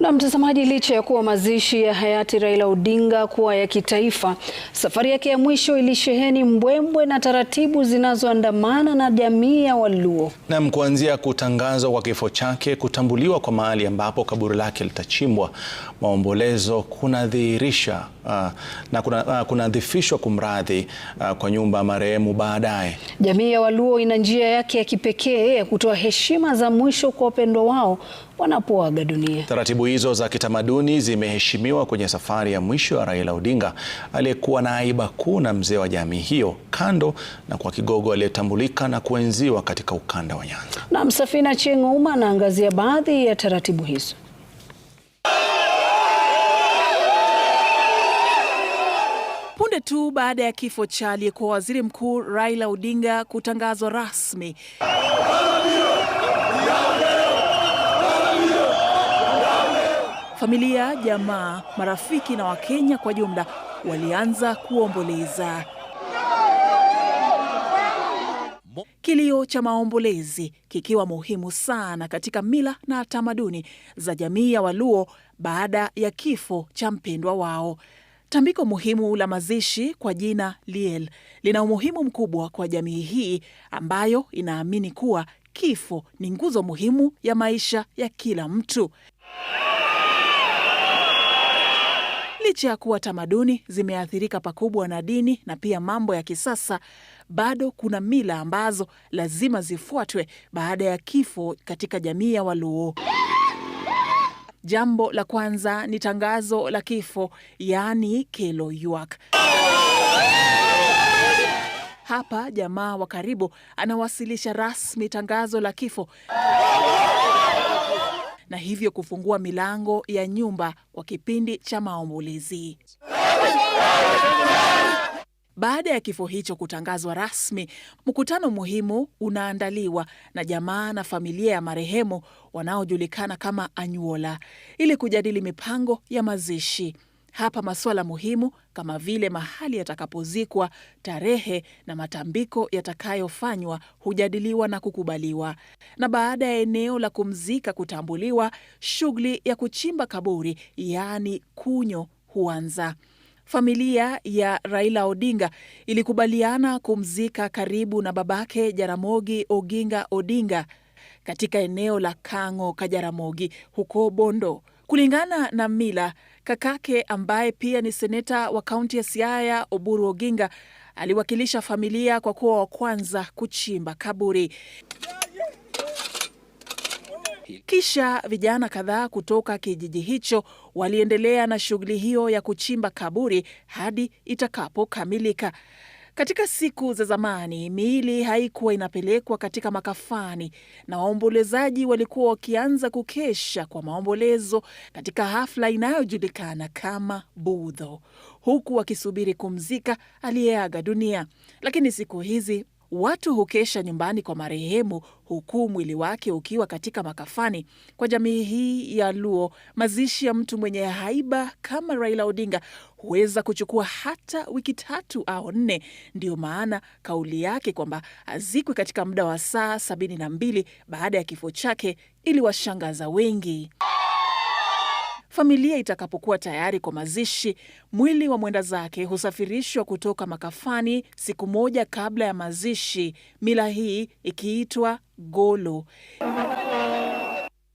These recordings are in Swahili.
Na mtazamaji, licha ya kuwa mazishi ya hayati Raila Odinga kuwa ya kitaifa, safari yake ya mwisho ilisheheni mbwembwe na taratibu zinazoandamana na jamii ya Waluo. na kuanzia kutangazwa kwa kifo chake, kutambuliwa kwa mahali ambapo kaburi lake litachimbwa, maombolezo kunadhihirisha uh, na kuna, uh, kunadhifishwa kumradhi, uh, kwa nyumba marehemu baadaye. Jamii ya Waluo ina njia yake ya kipekee ya kutoa heshima za mwisho kwa wapendwa wao wanapoaga dunia. Taratibu hizo za kitamaduni zimeheshimiwa kwenye safari ya mwisho ya Raila Odinga aliyekuwa na aiba kuu na mzee wa jamii hiyo, kando na kwa kigogo aliyetambulika na kuenziwa katika ukanda wa Nyanza. Na Safina Cheng'uma anaangazia baadhi ya taratibu hizo. Punde tu baada ya kifo cha aliyekuwa waziri mkuu Raila Odinga kutangazwa rasmi Familia, jamaa, marafiki na Wakenya kwa jumla walianza kuomboleza. Kilio cha maombolezi kikiwa muhimu sana katika mila na tamaduni za jamii ya Waluo baada ya kifo cha mpendwa wao. Tambiko muhimu la mazishi kwa jina Liel lina umuhimu mkubwa kwa jamii hii ambayo inaamini kuwa kifo ni nguzo muhimu ya maisha ya kila mtu. Licha ya kuwa tamaduni zimeathirika pakubwa na dini na pia mambo ya kisasa, bado kuna mila ambazo lazima zifuatwe baada ya kifo katika jamii ya Waluo. Jambo la kwanza ni tangazo la kifo, yaani kelo yuak. Hapa jamaa wa karibu anawasilisha rasmi tangazo la kifo na hivyo kufungua milango ya nyumba kwa kipindi cha maombolezi. Baada ya kifo hicho kutangazwa rasmi, mkutano muhimu unaandaliwa na jamaa na familia ya marehemu wanaojulikana kama Anyuola ili kujadili mipango ya mazishi. Hapa masuala muhimu kama vile mahali yatakapozikwa, tarehe na matambiko yatakayofanywa hujadiliwa na kukubaliwa, na baada ya eneo la kumzika kutambuliwa, shughuli ya kuchimba kaburi, yaani kunyo, huanza. Familia ya Raila Odinga ilikubaliana kumzika karibu na babake Jaramogi Oginga Odinga katika eneo la Kang'o Kajaramogi huko Bondo. Kulingana na mila, kakake ambaye pia ni seneta wa kaunti ya Siaya, Oburu Oginga, aliwakilisha familia kwa kuwa wa kwanza kuchimba kaburi. Kisha vijana kadhaa kutoka kijiji hicho waliendelea na shughuli hiyo ya kuchimba kaburi hadi itakapokamilika. Katika siku za zamani miili haikuwa inapelekwa katika makafani, na waombolezaji walikuwa wakianza kukesha kwa maombolezo katika hafla inayojulikana kama budho, huku wakisubiri kumzika aliyeaga dunia. Lakini siku hizi Watu hukesha nyumbani kwa marehemu huku mwili wake ukiwa katika makafani. Kwa jamii hii ya Luo, mazishi ya mtu mwenye haiba kama Raila Odinga huweza kuchukua hata wiki tatu au nne. Ndiyo maana kauli yake kwamba azikwe katika muda wa saa sabini na mbili baada ya kifo chake iliwashangaza wengi. Familia itakapokuwa tayari kwa mazishi, mwili wa mwenda zake husafirishwa kutoka makafani siku moja kabla ya mazishi, mila hii ikiitwa golo.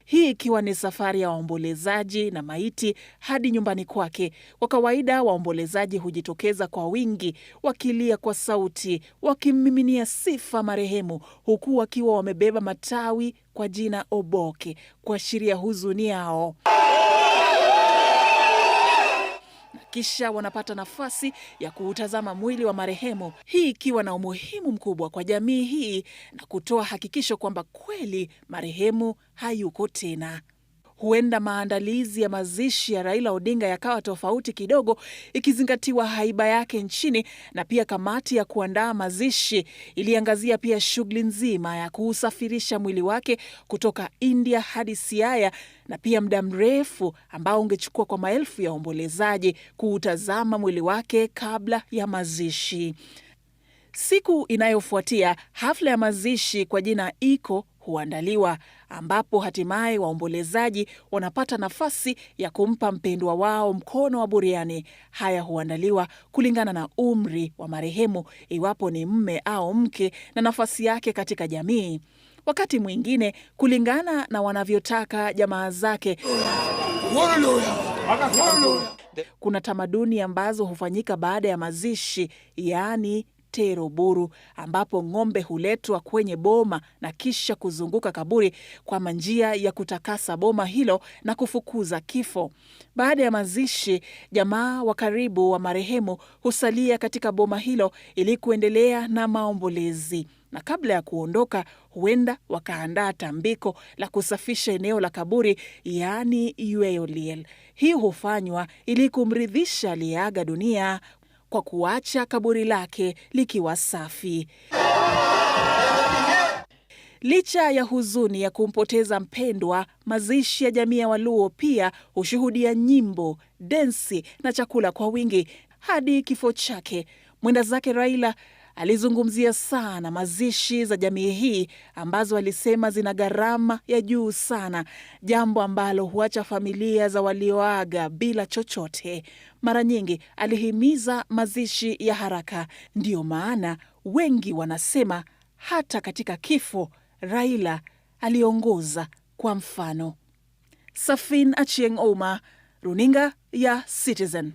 Hii ikiwa ni safari ya waombolezaji na maiti hadi nyumbani kwake. Kwa kawaida, waombolezaji hujitokeza kwa wingi, wakilia kwa sauti, wakimmiminia sifa marehemu, huku wakiwa wamebeba matawi kwa jina Oboke kuashiria huzuni yao kisha wanapata nafasi ya kuutazama mwili wa marehemu, hii ikiwa na umuhimu mkubwa kwa jamii hii na kutoa hakikisho kwamba kweli marehemu hayuko tena huenda maandalizi ya mazishi ya Raila Odinga yakawa tofauti kidogo, ikizingatiwa haiba yake nchini. Na pia kamati ya kuandaa mazishi iliangazia pia shughuli nzima ya kuusafirisha mwili wake kutoka India hadi Siaya, na pia muda mrefu ambao ungechukua kwa maelfu ya waombolezaji kuutazama mwili wake kabla ya mazishi. Siku inayofuatia hafla ya mazishi kwa jina iko huandaliwa ambapo hatimaye waombolezaji wanapata nafasi ya kumpa mpendwa wao mkono wa buriani. Haya huandaliwa kulingana na umri wa marehemu, iwapo ni mme au mke, na nafasi yake katika jamii, wakati mwingine kulingana na wanavyotaka jamaa zake. Kuna tamaduni ambazo hufanyika baada ya mazishi, yaani buru ambapo ng'ombe huletwa kwenye boma na kisha kuzunguka kaburi kwa njia ya kutakasa boma hilo na kufukuza kifo. Baada ya mazishi, jamaa wa karibu wa marehemu husalia katika boma hilo ili kuendelea na maombolezi na kabla ya kuondoka huenda wakaandaa tambiko la kusafisha eneo la kaburi, yaani ueoliel. Hii hufanywa ili kumridhisha aliyeaga dunia kwa kuacha kaburi lake likiwa safi. Licha ya huzuni ya kumpoteza mpendwa, mazishi ya jamii ya Waluo pia hushuhudia nyimbo, densi na chakula kwa wingi hadi kifo chake. Mwenda zake Raila Alizungumzia sana mazishi za jamii hii ambazo alisema zina gharama ya juu sana, jambo ambalo huacha familia za walioaga bila chochote. Mara nyingi alihimiza mazishi ya haraka. Ndiyo maana wengi wanasema hata katika kifo Raila aliongoza kwa mfano. Safin Achieng' Ouma, runinga ya Citizen.